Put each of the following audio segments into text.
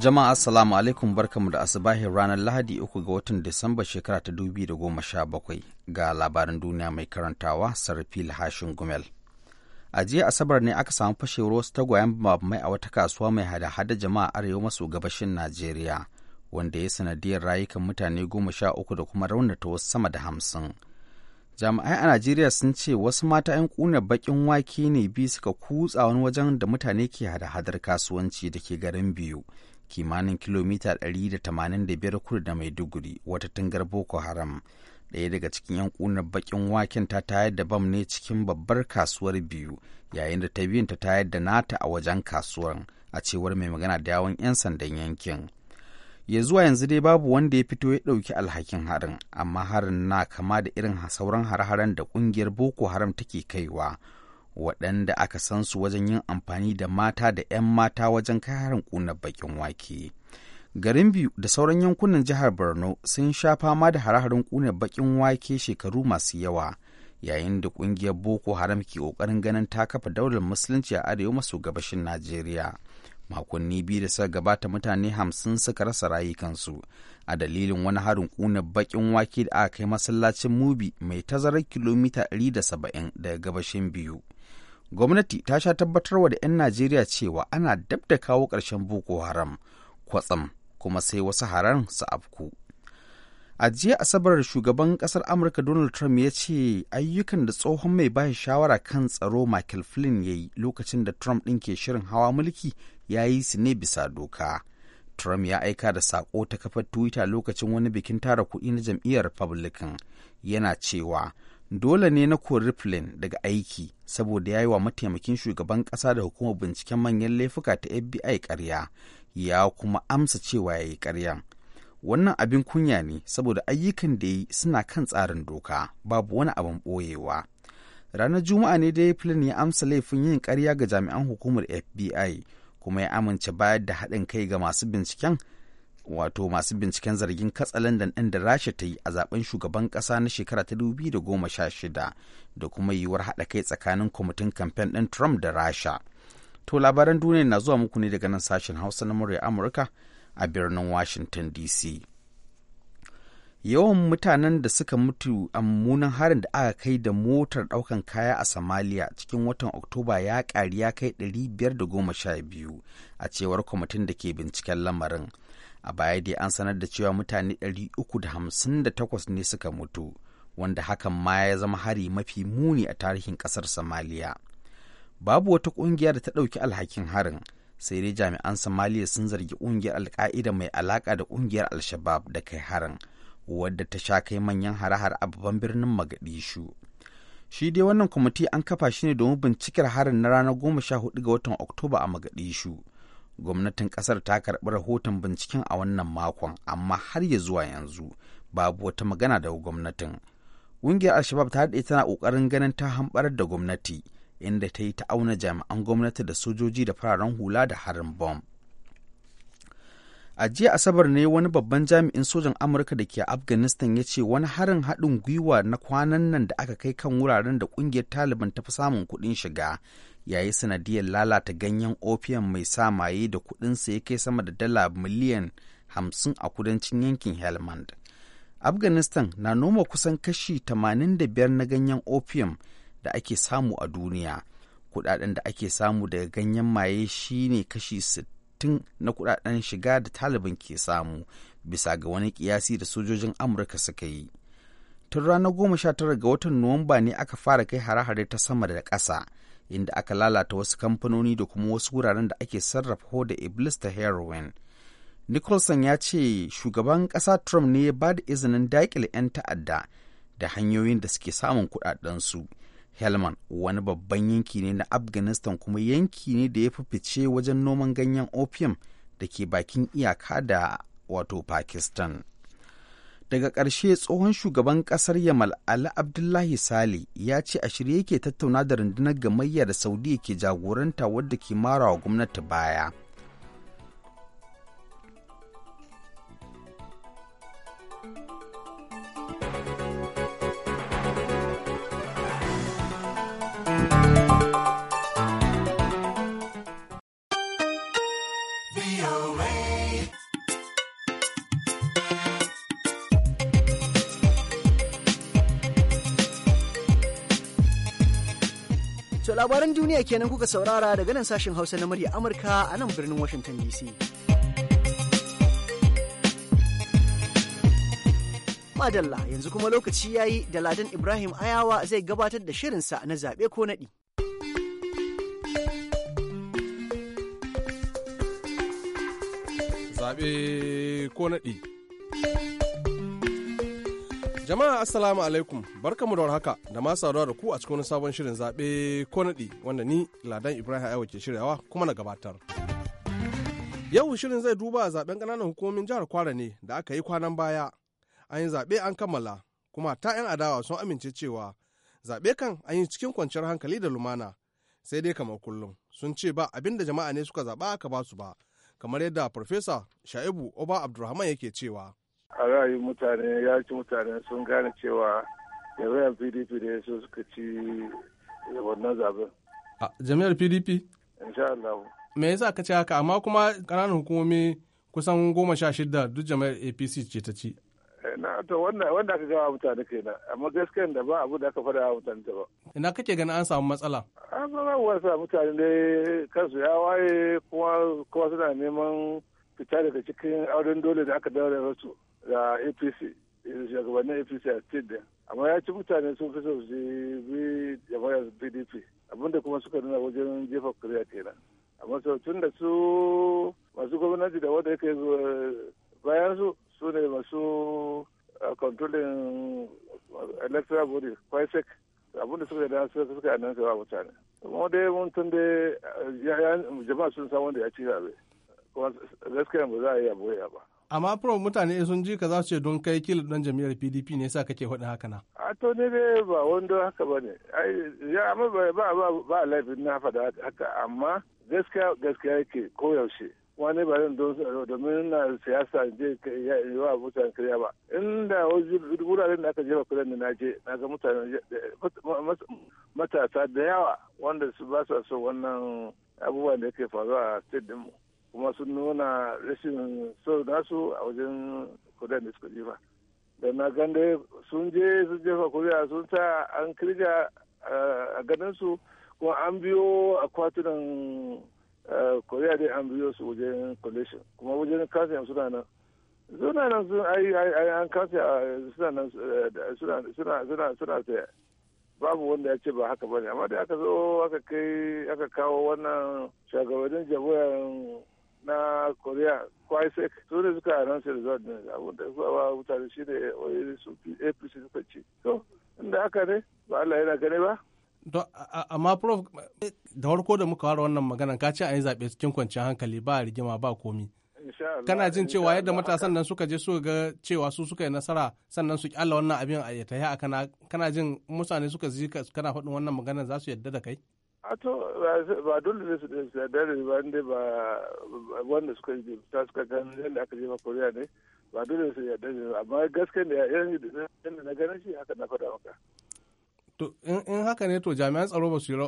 Jama'a assalamu alaikum barkamu da asubahin ranar Lahadi uku ga watan Disamba shekara ta dubi goma sha bakwai ga labarin duniya mai karantawa Sarfil Hashin Gumel. A jiya Asabar ne aka samu fashewar wasu tagwayen mai a wata kasuwa mai hada-hada jama'a arewa maso gabashin Najeriya wanda ya sanadiyar rayukan mutane goma sha uku da kuma raunata wasu sama da hamsin. Jami'ai a Najeriya sun ce wasu mata 'yan ƙunar baƙin wake ne bi suka kutsa wani wajen da mutane ke hada-hadar kasuwanci da ke garin biyu. kimanin kilomita 185 kudu da maiduguri wata tungar boko haram daya daga cikin 'yan ƙunar bakin waken ta tayar da bam ne cikin babbar kasuwar biyu yayin da ta biyun ta tayar da nata a wajen kasuwar a cewar mai magana da yawon 'yan sandan yankin ya zuwa yanzu dai babu wanda ya fito ya ɗauki alhakin harin amma harin na kama da irin sauran har haren da ƙungiyar boko haram take kaiwa waɗanda aka san su wajen yin amfani da mata da 'yan mata wajen kai harin ƙunar bakin wake. Garin biyu da sauran yankunan jihar Borno sun sha fama da hare-haren ƙunar bakin wake shekaru masu yawa, yayin da ƙungiyar Boko Haram ke ƙoƙarin ganin ta kafa daular musulunci a arewa maso gabashin Najeriya. Makonni biyu da suka gabata mutane hamsin suka rasa rayukansu a dalilin wani harin ƙunar bakin wake da aka kai masallacin Mubi mai tazarar kilomita 170 daga gabashin biyu. gwamnati ta sha tabbatarwa da 'yan najeriya cewa ana dab da kawo ƙarshen boko haram kwatsam kuma sai wasu haram su afku a jiya asabar shugaban kasar amurka donald trump ya ce ayyukan da tsohon mai bayan shawara kan tsaro michael flynn ya yi lokacin da trump ɗin ke shirin hawa mulki ya yi su ne bisa doka trump ya aika da sako ta kafar twitter lokacin wani bikin tara kuɗi na jam'iyyar republican yana cewa dole ne na kori Flynn daga aiki saboda ya yi wa mataimakin shugaban kasa da hukumar binciken manyan laifuka ta FBI karya ya kuma amsa cewa ya yi ƙaryan. Wannan abin kunya ne saboda ayyukan da yi suna kan tsarin doka babu wani abin ɓoyewa. Ranar Juma'a ne da Flynn ya amsa laifin yin karya ga jami'an hukumar FBI kuma ya amince bayar da haɗin kai ga masu binciken wato masu binciken zargin katsalandan ɗin da rasha ta yi a zaben shugaban kasa na shekara ta 2016 da kuma yiwuwar haɗa kai tsakanin kwamitin kamfen ɗin trump da rasha to labaran duniya na zuwa muku ne daga nan sashen hausa na murya amurka a birnin washington dc yawan mutanen da suka mutu a mummunan harin da aka kai da motar daukan kaya a somalia cikin watan oktoba ya kari ya kai 512 a cewar kwamitin da ke binciken lamarin a baya dai an sanar da cewa mutane 358 ne suka mutu wanda hakan ma ya zama hari mafi muni a tarihin kasar somaliya babu wata kungiyar da ta ɗauki alhakin harin sai dai jami'an somaliya sun zargi kungiyar alka'ida mai alaƙa da kungiyar alshabab da kai harin wadda ta sha kai manyan hare-hare a babban birnin magadishu shi dai wannan kwamiti an kafa shi ne domin bincikar harin na ranar goma sha hudu ga watan oktoba a magadishu gwamnatin kasar ta karɓi rahoton binciken a wannan makon amma har ya zuwa yanzu babu wata magana da gwamnatin ƙungiyar alshabab ta daɗe tana ƙoƙarin ganin ta hamɓarar da gwamnati inda ta yi ta auna jami'an gwamnati da sojoji da fararen hula da harin bomb a jiya asabar ne wani babban jami'in sojan amurka da ke afghanistan ya ce wani harin haɗin gwiwa na kwanan nan da aka kai kan wuraren da ƙungiyar taliban ta fi samun kuɗin shiga yayi sanadiyar lalata ganyen opium mai sa maye da kuɗinsa ya kai sama da dala miliyan hamsin a kudancin yankin helmand afghanistan na noma kusan kashi 85 na ganyen opium da ake samu a duniya Kuɗaɗen da ake samu daga ganyen maye shine kashi 60 na kudaden shiga da taliban ke samu bisa ga wani kiyasi da sojojin amurka suka yi tun ranar goma sha tara ga watan nuwamba ne aka fara kai hare-hare ta sama da ƙasa inda aka lalata wasu kamfanoni da kuma wasu wuraren da ake sarrafa da iblis ta heroin nicholson ya ce shugaban ƙasa trump ne ya ba da izinin daƙile 'yan ta'adda da hanyoyin da suke samun kuɗaɗensu helman wani babban yanki ne na afghanistan kuma yanki ne da ya fi fice wajen noman ganyen opium da ke bakin iyaka da wato pakistan daga ƙarshe tsohon shugaban ƙasar yamal ali abdullahi sali ya ce a shirye yake tattauna da rundunar gamayya da saudiya ke jagoranta wadda ke marawa gwamnati baya duniya kenan kuka saurara daga nan sashen hausa na murya amurka a nan birnin washington dc madalla yanzu kuma lokaci yayi da ladan ibrahim ayawa zai gabatar da shirinsa na zaɓe ko naɗi zaɓe ko naɗi Jama'a Assalamu alaikum barkamu da haka da ma saduwa da ku a cikin sabon shirin zaɓe ko naɗi wanda ni Ladan Ibrahim Ayewa ke shiryawa kuma na gabatar. Yau shirin zai duba zaɓen ƙananan hukumomin jihar Kwara ne da aka yi kwanan baya. An yi zaɓe an kammala kuma ta 'yan adawa sun amince cewa zaɓe kan an yi cikin kwanciyar hankali da lumana sai dai kamar kullum sun ce ba abin da jama'a ne suka zaɓa aka ba su ba kamar yadda farfesa sha'ibu oba abdulrahman yake cewa a ra'ayin mutane ya ci mutane sun gane cewa jami'ar pdp da su suka ci wannan zaben jami'ar pdp insha Allah me yasa ka ce haka amma kuma ƙananan hukumomi kusan goma sha shida duk jami'ar apc ce ta ci eh, na to wannan wanda aka gawa mutane kenan amma gaskiyar da ba abu da aka faɗa wa mutane ta ba ina kake ganin an samu matsala an ba wasa mutane dai kansu ya waye kuma kuma suna neman fita daga cikin auren dole da aka daura rasu ga apc shugabannin apc a state din amma ya ci mutane sun fi so su bi jam'iyyar pdp abinda kuma suka nuna wajen jefa kuriya kenan amma sau tun da su masu gwamnati da wanda yake bayan su su ne masu uh, controlling uh, electoral body kwaisek abinda suka da suka suka annan wa mutane kuma dai mun tun dai uh, jama'a sun san wanda ya ci zabe kuma gaskiya ba za a yi abuwa ba amma pro mutane sun ji ka za su ce don kai kila don jam'iyyar pdp ne sa kake faɗin haka na a to ne dai ba wanda haka ba ne ya amma ba ba ba laifin na faɗa haka amma gaskiya gaskiya yake koyaushe wani ba zan domin na siyasa je yi wa mutane kariya ba inda wuraren da aka jefa kudin da na je na ga mutane matasa da yawa wanda su ba sa so wannan abubuwan da yake faruwa a state dinmu kuma sun nuna rashin so nasu a wajen kudan da suka jefa da na gande sun je sun jefa kuri'a sun sa an kirga a ganinsu kuma an biyo akwatunan kuri'a dai an biyo su wajen collation kuma wajen kansa suna nan suna nan sun ai ai an kansa suna nan eh, suna suna suna suna ta babu wanda ya ce ba haka bane amma da aka zo aka kai aka kawo wannan shagabannin jagoyan na korea kwaisek su ne suka announce result din abun da suka ba mutane shi ne su apc suka ci to inda haka ne ba allah yana gane ba amma prof da farko da muka ware wannan magana ka ce a yi zaɓe cikin kwanciyar hankali ba rigima ba komi kana jin cewa yadda matasan nan suka je su ga cewa su suka yi nasara sannan su kyalla wannan abin a ya tahi a kana kana jin mutane suka zika kana faɗin wannan maganar za su yadda da kai to ba dole ne su da ba inda ba wanda suka yi ta suka gani yadda aka je ma koriya ne ba dole su yarda ne amma gaskiya ne yadda na gani shi haka na faɗa maka in haka ne to jami'an tsaro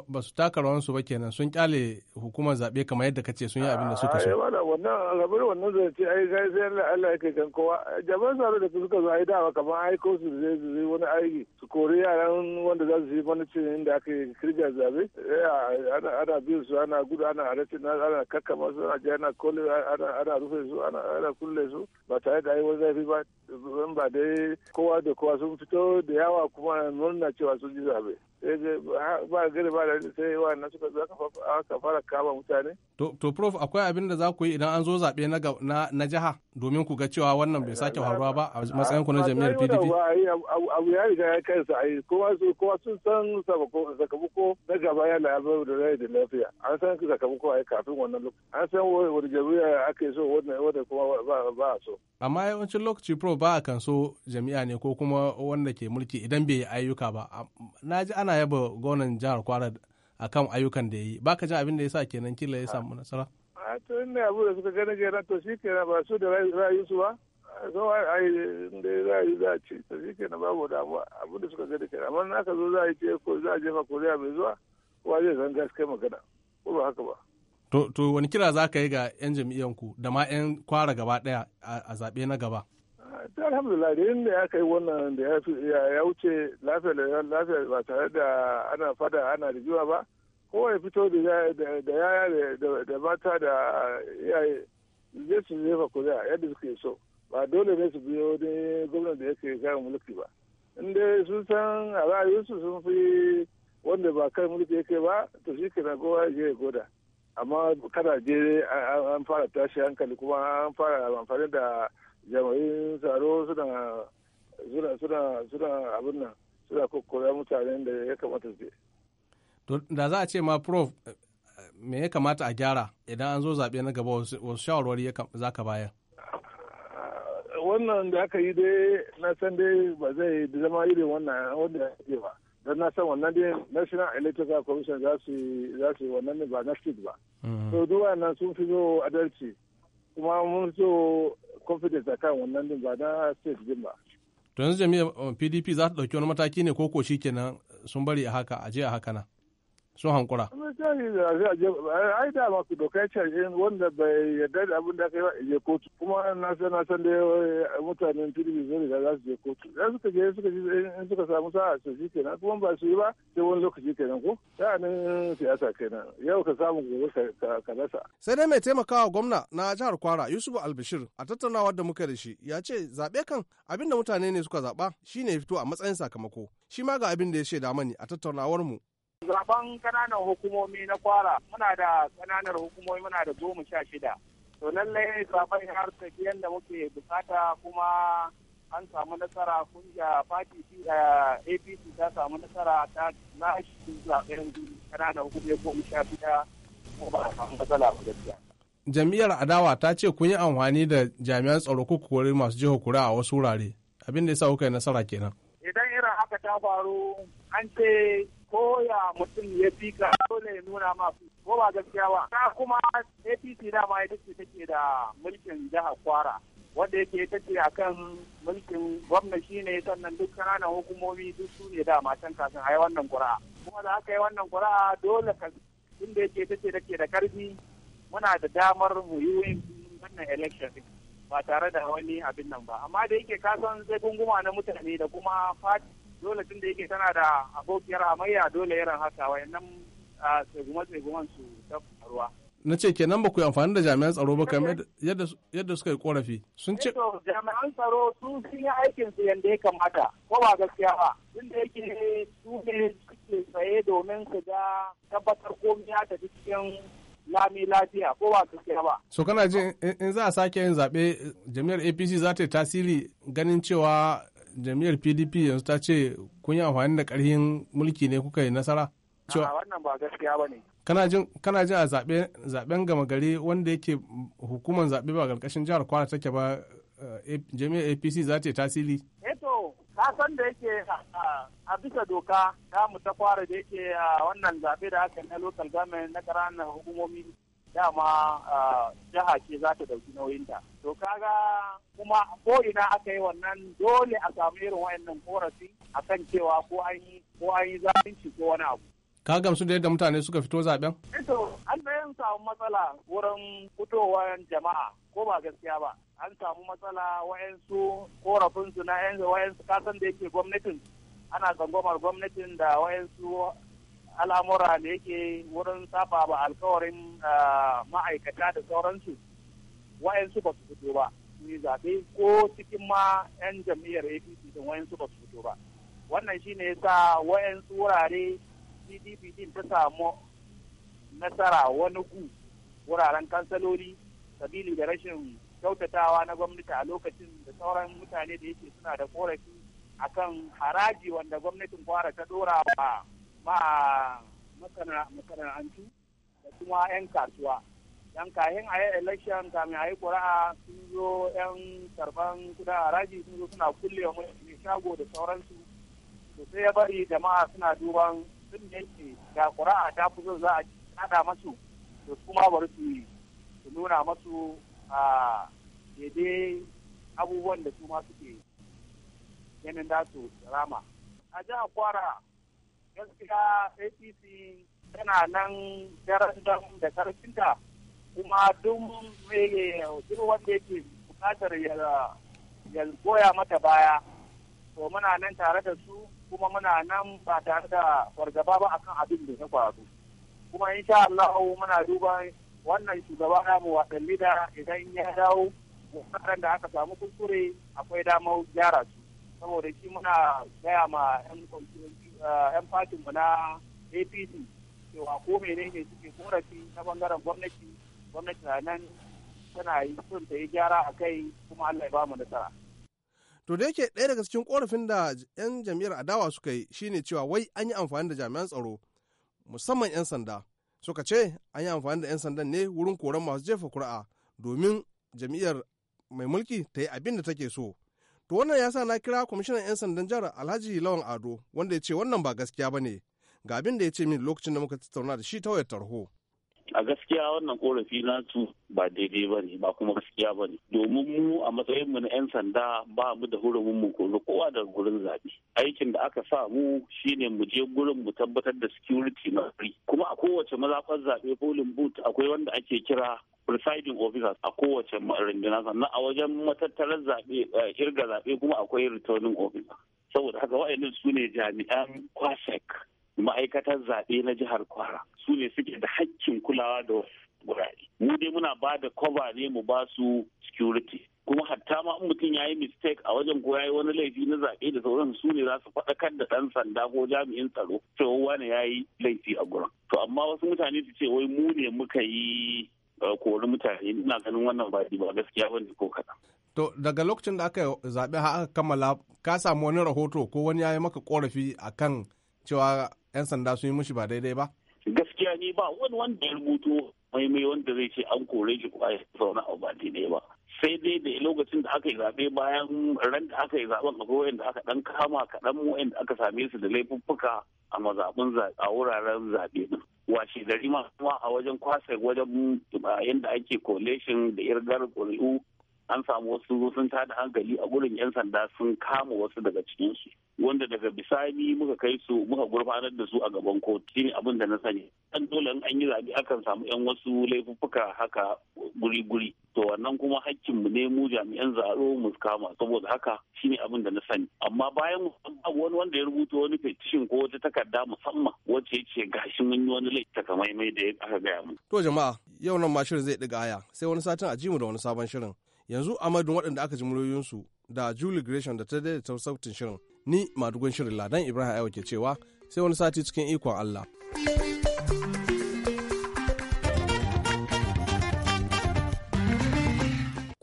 ba su taka rawansu ba kenan sun kyale hukumar zaɓe kamar yadda kace sun yi abin da suka so. Wala wannan labarin wannan zai ce ai sai sai Allah Allah yake kan kowa jami'an tsaro da suka zo ai dawa kamar ai ko su zai zai wani aiki su kori yaran wanda za su yi manacin inda aka yi kirga zaɓe eh, ana bin su ana gudu ana arati ana kakkama su ana je ana kole ana rufe su ana kulle su ba tare da ai wani zafi ba ba dai kowa da kowa sun fito da yawa kuma murna cewa sun avec ba gari ba da sai wannan suka zo aka fara kama mutane. To prof akwai abin da za ku yi idan an zo zaɓe na jiha domin ku ga cewa wannan bai sake faruwa ba a matsayin ku na jami'ar PDP. Abu ya riga ya kai sa ai kowa sun san sakamako na gaba ya labar da rai da lafiya an san sakamako ai kafin wannan lokaci an san wani jami'a ake so wanda kuma ba ba so. Amma yawancin lokaci prof ba a kan so jami'a ne ko kuma wanda ke mulki idan bai yi ayyuka ba. Na ji ana ana yaba gonan jihar kwara kan ayyukan da ya yi baka jin abin da ya sa kenan kila ya samu nasara a to ina abu da suka gane jera to shi kenan ba su da ra'ayin su ba zo a yi da ra'ayi za a ci to shi kenan babu damuwa abu da suka gane kenan amma na ka zo za a yi ce ko za a jefa koriya mai zuwa kowa zai zan gaske magana ko ba haka ba to wani kira za ka yi ga 'yan jam'iyyanku da ma 'yan kwara gaba daya a zaɓe na gaba ta alhamdulillah da inda ya kai wannan da ya wuce lafiya ba tare da ana fada ana rigima ba kowa ya fito da yaya da mata da uh, iyaye zai su jefa kuri'a yadda suke so ba dole ne su biyo wani gwamnan da yake kayan mulki ba inda sun san a ra'ayinsu sun fi wanda ba kai mulki yake ba to shi ke na gowa je ya goda amma kada je an fara tashi hankali kuma an fara amfani da jami'in tsaro suna suna suna suna abin nan suna kokkora mutanen da ya kamata su to da za a ce ma prof me ya kamata a gyara idan an zo zaɓe na gaba wasu shawarwari za ka bayar wannan da aka yi dai na san dai ba zai zama irin wannan wanda ya ce ba don na san wannan dai national electoral commission za su yi wannan ne ba na state ba mm-hmm. so duwa nan sun fi zo adalci kuma mun so confidence kan wannan din ba na state din ba to yanzu jami'ar pdp eh, za ta ɗauki wani mataki ne ko shi kenan sun bari a haka a je a haka na sun hankura. Ai da masu doka ce wanda bai yarda da abin da aka yi ba je kotu kuma na san na san da eh, mutanen turbi zai za su je kotu. Ya suka je suka ji in suka samu sa'a su shi kenan kuma ba su yi ba sai wani lokaci kenan ko sa'anin siyasa kenan yau ka samu gobe ka rasa. Sai dai mai taimakawa gwamna na jihar Kwara Yusuf Albishir a tattaunawar da muka da shi ya ce zaɓe kan abin da mutane ne suka zaɓa shine fito a matsayin sakamako. Shi ma ga abin da ya shaida mani a tattaunawar mu zaben kananan hukumomi na kwara muna da kananan hukumomi muna da goma sha shida to lallai zaben har yadda muke bukata kuma an samu nasara kungiya fati eh, apc ta samu nasara ta nashi zaben kananan hukumomi goma sha shida ko ba a samu matsala ba gaskiya jam'iyyar adawa ta ce kun yi amfani da jami'an tsaro kuka kori masu jiha kura a wasu wurare abin da ya sa kuka yi nasara kenan idan irin haka ta faru an ce koya mutum ya fi ka dole ya nuna ma su ko ba gaskiya ba ta kuma APC dama ita ce take da mulkin jihar Kwara wanda yake ita ce akan mulkin gwamna shine sannan duk kananan hukumomi duk su ne dama can kafin a yi wannan ƙura'a kuma da aka yi wannan ƙura'a dole ka inda yake ita ce take da karfi muna da damar mu yi wannan election ba tare da wani abin nan ba amma da yake kasan sai gunguma na mutane da kuma fati dole tun da yake tana da abokiyar amayya dole yaran haka wayannan tsegume-tsegumen su ta faruwa. na ce kenan ba ku amfani da jami'an tsaro ba kamar eh, yadda suka yi korafi sun ce eh, jami'an tsaro sun sun yi aikin su yadda ya kamata ko ba gaskiya ba tun da yake su ne suke tsaye domin su ga tabbatar komai ta cikin lami lafiya ko ba gaskiya ba so kana jin in za a sake yin zaɓe jami'ar apc za ta yi tasiri ganin cewa jam'iyyar pdp yanzu ta ce kun yi amfani da karhin mulki ne kuka yi nasara cewa wannan ba gaskiya ba ne kana jin a zaben gama gari wanda yake hukumar zaɓe ba ƙarƙashin jihar kwana take ba eh, jami'ar apc za ta yi tasiri eto eh ka san da yake a bisa doka ta mu ta fara da yake wannan zaɓe da aka na local government na ƙaranar hukumomi dama jiha ce za ta dauki nauyinta to kaga kuma ko ina aka yi wannan dole a samu irin wayannan korafi akan cewa ko an yi ko an yi zalunci ko wani abu ka gamsu da yadda mutane suka fito zaben? Ito, eh an da yin samu matsala wurin fitowar jama'a ko ba gaskiya ba. An samu matsala wayansu korafinsu na yanzu wayansu kasan da yake gwamnatin ana zangomar gwamnatin da wayansu al'amura da yake wurin saba ba alkawarin ah, ma'aikata da sauransu wa'yansu ba su fito ba ni zaɓe ko cikin ma 'yan jam'iyyar apc da wa'yansu ba su fito ba wannan shi shine yasa wa'yansu wurare pdp din ta samu nasara wani gu wuraren kansaloli sabili da rashin kyautatawa na gwamnati a lokacin da sauran mutane da yake suna da korafi akan haraji wanda gwamnatin kwara ta dora wa ma masana'antu da kuma 'yan kasuwa don kahin a yi election kamin a yi kura'a sun zo 'yan karban kuda haraji sun zo suna kulle wa mai shago da sauransu to ya bari jama'a suna duban sun yanke ga da ta fi zo za a kada masu to kuma bari su yi su nuna masu a daidai abubuwan da su ma suke ganin da su rama a jihar kwara gaskiya apc tana nan daren da karfinta kuma duk mai duk wanda yake bukatar ya goya mata baya to muna nan tare da su kuma muna nan ba tare da fargaba ba akan abin da ya faru kuma insha Allah muna duba wannan shugaba na mu da idan ya dawo wuraren da aka samu kuskure akwai damar gyara su saboda shi muna gaya ma 'yan kwamfiyar Uh, 'yan fatin mu na apc cewa ko menene suke korafi na bangaren gwamnati gwamnati na nan tana yi sun ta yi gyara a kai kuma allah ya bamu nasara to da yake ɗaya daga cikin korafin da 'yan jam'iyyar adawa suka yi shine cewa wai an yi amfani da jami'an tsaro musamman 'yan sanda suka ce an yi amfani da 'yan sandan ne wurin koran masu jefa kura'a domin jam'iyyar mai mulki ta yi abin da take so To wannan ya sa na kira kwamishinan 'yan sandan jihar Alhaji Lawan Ado wanda ya ce wannan ba gaskiya ba ne. Ga abin da ya ce min lokacin da muka tattauna da shi ta wayar tarho. a gaskiya wannan korafi su ba daidai ba ne ba kuma gaskiya ba ne domin mu a matsayinmu na 'yan sanda ba mu da hurumin mu kori kowa da gurin zaɓe aikin da aka sa mu shine mu je gurin mu tabbatar da security na kuma a kowace mazafar zaɓe polling booth akwai wanda ake kira presiding officers a kowace runduna sannan a wajen matattarar zaɓe eh, kirga zaɓe kuma akwai returning officer saboda haka wa'annan su ne jami'an kwasek ma'aikatar zaɓe na jihar kwara su ne suke da hakkin kulawa da gurare mu dai muna ba da cover ne mu ba su security kuma hatta ma in mutum ya yi mistake a wajen ko ya yi wani laifi na zaɓe da sauran su ne za su faɗakar da ɗan sanda ko jami'in tsaro cewa wani ya yi laifi a gurin to amma wasu mutane su ce wai mu ne muka yi kori mutane ina ganin wannan ba ba gaskiya ba ko kaɗan. To daga lokacin da aka zaɓe har aka kammala ka samu wani rahoto ko wani ya yi maka korafi kan cewa 'yan sanda sun yi mushi ba daidai ba? Gaskiya ni ba wani wanda ya rubutu mai wanda zai ce an kore shi ko ya zauna a ba ne ba. sai dai da lokacin da aka yi zaɓe bayan ran da aka yi zaɓen akwai da aka ɗan kama kaɗan mu da aka same su da laifuffuka a mazaɓin a wuraren zaɓe ɗin. washe gari ma a wajen kwasa wajen uh, yadda ake collation da irgar ƙuri'u an samu wasu sun tada hankali a gurin 'yan sanda sun kama wasu daga cikin su wanda daga bisani muka kai su muka gurfanar da su a gaban kotu shine abin da na sani Dan dole an yi zaɓi akan samu 'yan wasu laifuffuka haka guri-guri to wannan kuma hakkin mu ne mu jami'an zaro mu kama saboda haka shine abin da na sani amma bayan wani wanda ya rubuta wani fetishin ko wata takarda musamman wacce ya ce gashi mun yi wani laifi takamaimai da aka gaya mu. to jama'a yau nan ma shirin zai diga aya sai wani satin a ji mu da wani sabon shirin. yanzu amadun waɗanda aka ji muryoyinsu da julie gresham da ta daidaita sautin shirin ni madugun shirin ladan ibrahim aiwa ke cewa sai wani sati cikin ikon allah.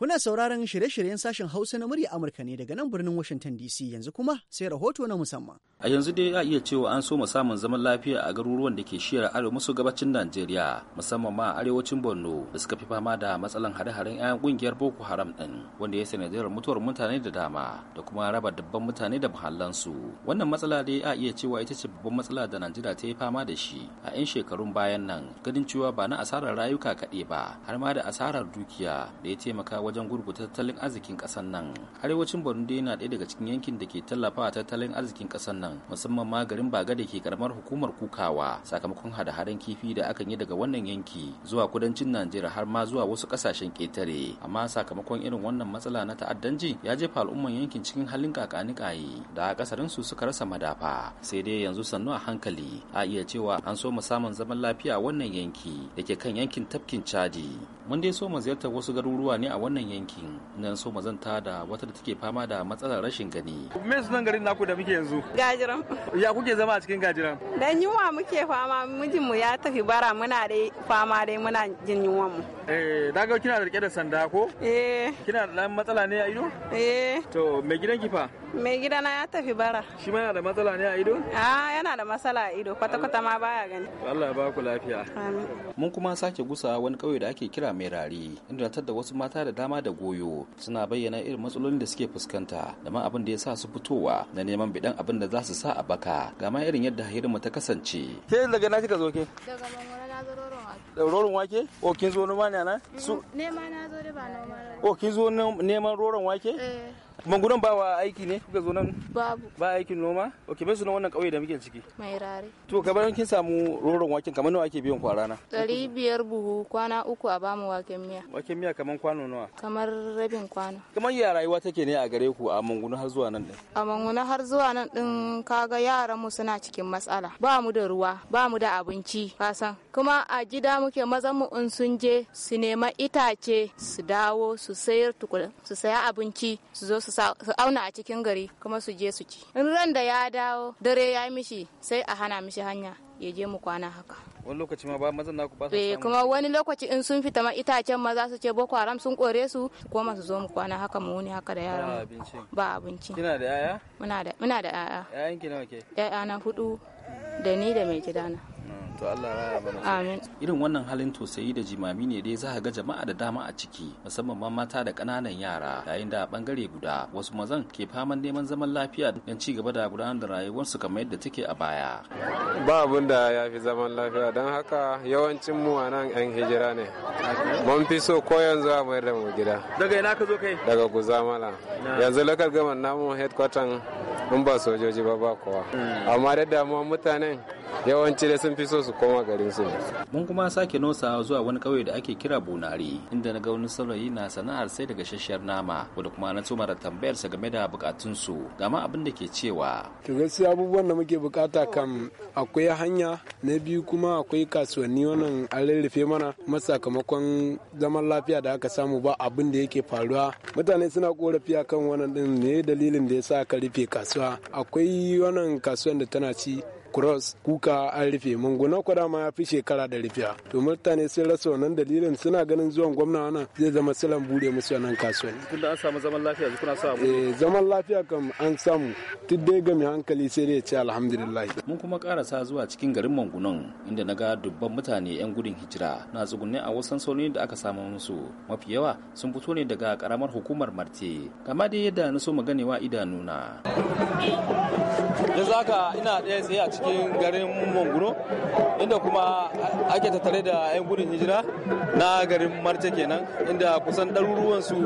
Kuna sauraron shirye-shiryen sashen Hausa na murya Amurka ne daga nan birnin Washington DC yanzu kuma sai rahoto na musamman. A yanzu dai a iya cewa an so samun zaman lafiya a garuruwan da ke shiyar arewa maso gabacin Najeriya musamman ma a arewacin Borno da suka fi fama da matsalan hare-haren 'yan kungiyar Boko Haram din wanda ya sanadiyar mutuwar mutane da dama da kuma raba dabban mutane da muhallansu. Wannan matsala dai a iya cewa ita ce babban matsala da Najeriya ta yi fama da shi a 'yan shekarun bayan nan ganin cewa ba na asarar rayuka kaɗai ba har ma da asarar dukiya da ya taimaka wajen wajen gurguta tattalin arzikin ƙasar nan arewacin burundi yana daya ɗaya daga cikin yankin da ke tallafa a tattalin arzikin ƙasar nan musamman ma garin baga da ke karamar hukumar kukawa sakamakon hada-hadan kifi da akan yi daga wannan yanki zuwa kudancin najeriya har ma zuwa wasu ƙasashen ƙetare amma sakamakon irin wannan matsala na ta'addanci ya jefa al'umman yankin cikin halin kakanikaye da kasarin su suka rasa madafa sai dai yanzu sannu a hankali a iya cewa an so samun zaman lafiya wannan yanki da ke kan yankin tafkin chadi mun dai so mu ziyartar wasu garuruwa ne a wannan yankin nan so mu zanta da wata da take fama da matsalar rashin gani me sunan garin naku da muke yanzu gajiran ya kuke zama a cikin gajiran dan yunwa muke fama mijin mu ya tafi bara muna dai fama dai muna jin yunwan mu eh ga kina da rike da sanda ko eh kina da dan matsala ne a ido eh to me gidan ki fa me gidana ya tafi bara shi ma yana da matsala ne a ido ah yana da matsala a ido kwata kwata ma baya gani Allah ya ba ku lafiya amin mun kuma sake gusa wani kauye da ake kira merari inda na da wasu mata da dama da goyo suna bayyana irin matsalolin da suke fuskanta da ma abin da ya sa su fitowa na neman bidan abin da za su sa a baka ga ma irin yadda mu ta kasance. Ke daga na kika zo ke? Daga na zo roron wake. Roron wake? O kin zo noma ne nan. Nema na zo da ba noma. O kin zo neman roron wake? Eh. Kuma ba wa aiki ne kuka zo nan? Babu. Ba aikin noma? Ok, mai suna wannan kauye da muke ciki? Mai rare. To, kamar kin samu roron waken kamar nawa ake biyan kwarana? Ɗari biyar buhu kwana uku a bamu waken miya. Waken miya kamar kwano nawa? Kamar rabin kwano. Kamar ya rayuwa take ne a gare ku a manguna har zuwa nan ɗin? A manguna har zuwa nan ɗin kaga yaran mu suna cikin matsala. Ba mu da ruwa, ba mu da abinci, kasan. Kuma a gida muke mazan mu in sun je su nema itace su dawo su sayar tukuna su saya abinci su zo su auna a cikin gari kuma su je su ci in ran da ya dawo dare ya mishi sai a hana mishi hanya ya je mu kwana haka wani lokaci ma ba mazan naku ba su eh, samu kuma wani lokaci in sun fita ma itacen maza su ce boko haram sun kore su ko su zo mu kwana haka mu wuni haka da yaran ba abinci ba abinci kina da yaya muna da muna da yaya yayan ki nawa ke yaya na hudu da ni da mai gidana to Allah raya mana amin irin wannan halin tausayi da jimami ne dai za ga jama'a da dama a ciki musamman ma mata da ƙananan yara yayin da bangare guda wasu mazan ke faman neman zaman lafiya don ci gaba da gudanar da rayuwarsu kamar yadda take a baya ba abun da ya fi zaman lafiya don haka yawancin mu nan yan hijira ne mun fi so ko yanzu a mayar da mu gida daga ina ka zo kai daga guzamala yanzu lokal gaman namu headquarter in ba sojoji ba ba kowa hmm. amma da damuwa mutanen yawanci da sun fi so su koma garin su mun kuma sake nosa zuwa wani kauye da ake kira bonari inda na ga wani saurayi na sana'ar sai daga shashiyar nama wanda kuma na tsoma da tambayar sa game da bukatun su ga ma abin da ke cewa to gaskiya abubuwan da muke bukata kam akwai hanya na biyu kuma akwai kasuwanni wannan an rarrafe mana masakamakon zaman lafiya da aka samu ba abin da yake faruwa mutane suna korafi akan wannan din ne dalilin da ya sa aka rufe kasuwa akwai wannan kasuwan da tana ci cross kuka an rufe munguna kwada ma ya fi shekara da rufiya to mutane sun rasa wannan dalilin suna ganin zuwan gwamna wannan zai zama silan bude musu wannan kasuwanci tunda an samu zaman lafiya kuna sa eh zaman lafiya kam an samu duk dai ga mai hankali sai dai ya ce alhamdulillah mun kuma karasa zuwa cikin garin mangunan inda na ga dubban mutane yan gudun hijira na tsugunne a wasu sansanoni da aka samu musu mafi yawa sun fito ne daga karamar hukumar marti kama dai yadda na so maganewa idanuna yanzu haka ina ɗaya tsaye a cikin cikin garin Manguno inda kuma ake tattare da 'yan gudun hijira na garin Marte kenan inda kusan ɗaruruwan su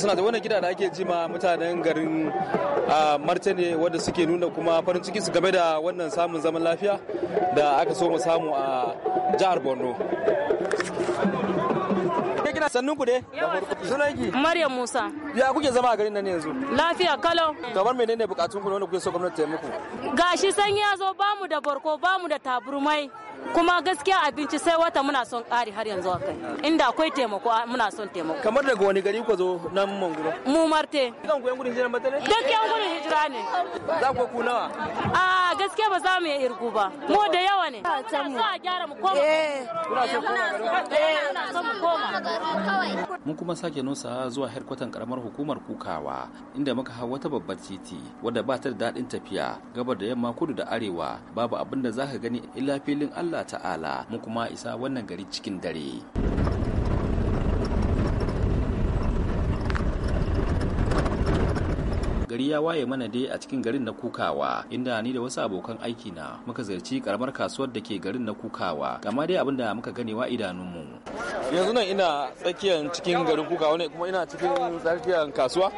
suna da wannan gida da ake jima mutanen garin Marte ne wanda suke nuna kuma farin ciki su game da wannan samun zaman lafiya da aka so mu samu a jihar Borno. Ke sannun ku dai? Sunan Maryam Musa. Ya kuke zama a garin nan yanzu? Lafiya kalau. Kamar menene bukatun ku ne wanda kuke so gwamnati ta muku? Gashi sanyi ya zo bamu da barko bamu da taburmai. kuma gaskiya abinci sai wata muna son ƙari har yanzu akai inda akwai taimako muna son taimako kamar daga wani gari ku zo nan mangoro mu marte kan ku yan hijira matale duk yan hijira ne za ku ku nawa a gaskiya ba za mu yi irgu ba mu da yawa ne za a gyara mu koma eh muna son eh. mu koma mun kuma sake nusa zuwa herkwatan karamar hukumar kukawa inda muka hau wata babbar titi wadda ba ta da daɗin tafiya gabar da yamma kudu da arewa babu abin da za ka gani illa filin Allah ta'ala mu kuma isa wannan gari cikin dare gari ya waye mana dai a cikin garin na kukawa inda ni da wasu abokan aiki na muka ziyarci karamar kasuwar da ke garin na kukawa kama dai abin muka gani wa idanunmu yanzu nan ina tsakiyar cikin garin kukawa ne kuma ina cikin tsakiyar kasuwa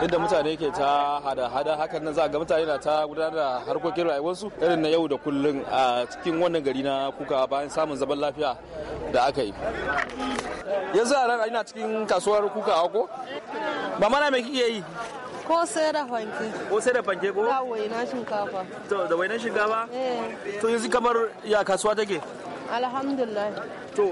inda mutane ke ta hada-hada hakan nan za ga mutane na ta gudanar da harkokin rayuwarsu irin na yau da kullun a cikin wannan gari na kukawa bayan samun zaman lafiya da aka yi yanzu a ina cikin kasuwar kukawa ko ba mana me kike yi ko sai da fanke ko sai da fanke ko da wainan shinkafa to da wainan shinkafa eh. to yanzu kamar ya kasuwa take alhamdulillah to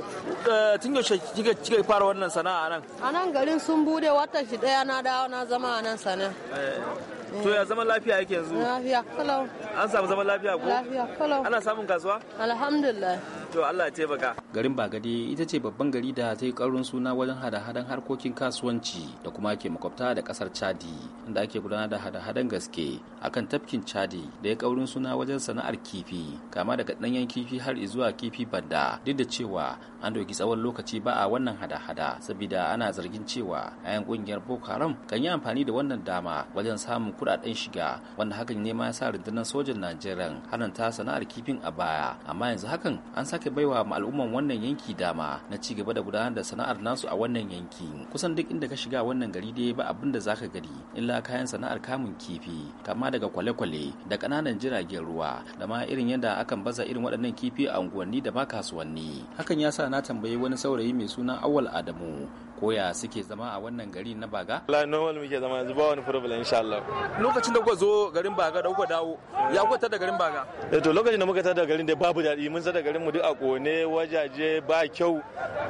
eh, tun yaushe kika kika fara wannan sana'a nan a nan garin sun bude wata shi daya na dawo na zama a nan sana'a eh. to ya zaman lafiya yake yanzu lafiya kalau an samu zaman lafiya ko lafiya kalau ana samun kasuwa alhamdulillah to Allah ya taimaka garin Bagade ita ce babban gari da ta yi karun suna wajen hada-hadan harkokin kasuwanci da kuma ke makwabta da kasar Chadi inda ake gudanar da hada-hadan gaske akan tafkin Chadi da ya kaurin suna wajen sana'ar kifi kama daga danyen kifi har zuwa kifi badda duk da cewa an doki tsawon lokaci ba a wannan hada-hada saboda ana zargin cewa ayan kungiyar Boko Haram kan yi amfani da wannan dama wajen samun kudaden shiga wanda hakan ne ma ya sa rundunar sojan Najeriya ta sana'ar kifin a baya amma yanzu hakan an sake baiwa ma al'umman wannan yanki dama na ci gaba da gudanar da sana'ar nasu a wannan yanki kusan duk inda ka shiga wannan gari dai ba abin da zaka gari illa kayan sana'ar kamun kifi kama daga kwale-kwale da ƙananan jiragen ruwa da ma irin yadda akan baza irin waɗannan kifi a unguwanni da ba kasuwanni hakan ya sa na tambayi wani saurayi mai suna Awal Adamu koya suke zama a wannan gari na baga? La normal muke zama yanzu ba wani problem insha Allah. Lokacin da kuka zo garin baga da kuka dawo ya kuka tada garin baga? Eh to lokacin da muka tada garin da babu daɗi mun tada garin mu duk a kone wajaje ba kyau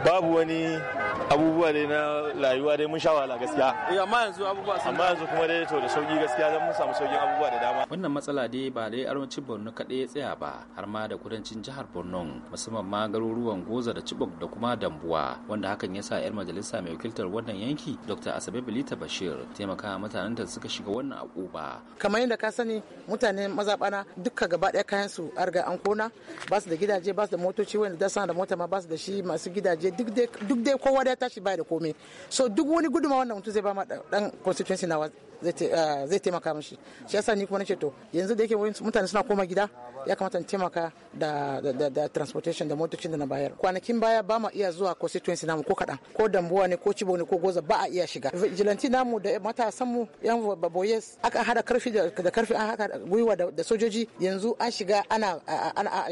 babu wani abubuwa dai na rayuwa dai mun sha wahala gaskiya. Eh amma yanzu abubuwa sun amma yanzu kuma dai to da sauki gaskiya zan mun samu saukin abubuwa da dama. Wannan matsala dai ba dai arewacin Borno kadai ya tsaya ba har ma da kudancin jihar Borno musamman ma garuruwan Goza da Chibok da kuma Dambuwa wanda hakan yasa 'yar majalisa sanata mai wakiltar wannan yanki dr asabe bilita bashir taimaka mutanen da suka shiga wannan akuba kamar yadda ka sani mutane mazabana duka gaba ɗaya kayan su arga an kona ba su da gidaje ba su da motoci wanda da sana da mota ma ba su da shi masu gidaje duk dai kowa da ya tashi baya da komai so duk wani guduma wannan mutum zai ba ma dan constituency na Ah, zai taimaka mashi shi yasa ni kuma nace to yanzu da yake mutane suna koma gida ya kamata in taimaka da da transportation da motocin da na bayar kwanakin baya ba ma iya zuwa ko constituency namu ko kadan ko dambuwa ne ko cibo ne ko goza ba a iya shiga vigilanti namu da matasan mu yan baboye aka hada karfi da karfi an haka gwiwa da sojoji yanzu an shiga ana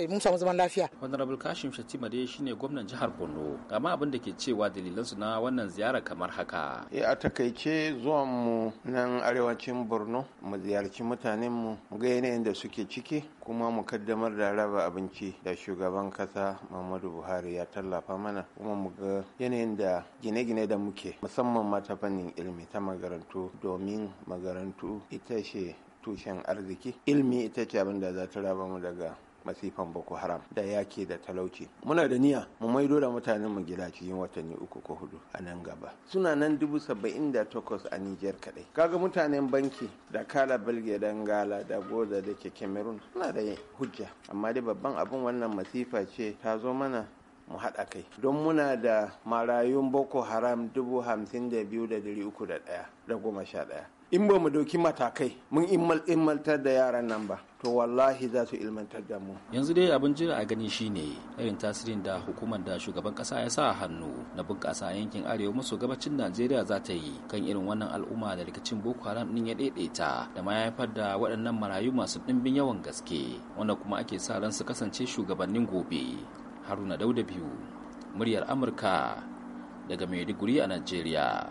mun samu zaman lafiya honorable kashim shatima dai shine gwamnan jihar borno amma abin da ke cewa dalilan su na wannan ziyara kamar haka eh, a takaice zuwan mu nan arewacin borno mu ziyarci mutanenmu mu ga yanayin da suke ciki kuma mu kaddamar da raba abinci da shugaban kasa muhammadu buhari ya tallafa mana kuma mu ga yanayin da gine-gine da muke musamman mata fannin ilimi ta magarantu domin magarantu ita ce tushen arziki ilimi ita ce abin da za ta raba mu daga masifan boko haram da yake da talauci muna da niyya mu maido da mutanen mu gida cikin watanni uku ko hudu a nan gaba suna nan dubu saba'in da takwas a nijar kaɗai kaga mutanen banki da kala belgiya ngala da goza da ke cameroon suna da hujja amma dai babban abin wannan masifa ce ta zo mana mu haɗa kai don muna da marayun boko haram dubu hamsin da biyu da dari uku da ɗaya da goma sha ɗaya in ba mu dauki matakai mun ilmantar da yaran nan ba to wallahi za su ilmantar da mu yanzu dai abin jira a gani shine irin tasirin da hukumar da shugaban kasa ya sa hannu na bunƙasa yankin arewa maso gabacin najeriya za ta yi kan irin wannan al'umma da rikicin boko haram din ya daidaita da ma ya haifar da waɗannan marayu masu ɗimbin yawan gaske wanda kuma ake sa ran su kasance shugabannin gobe haruna dauda biyu muryar amurka daga maiduguri a najeriya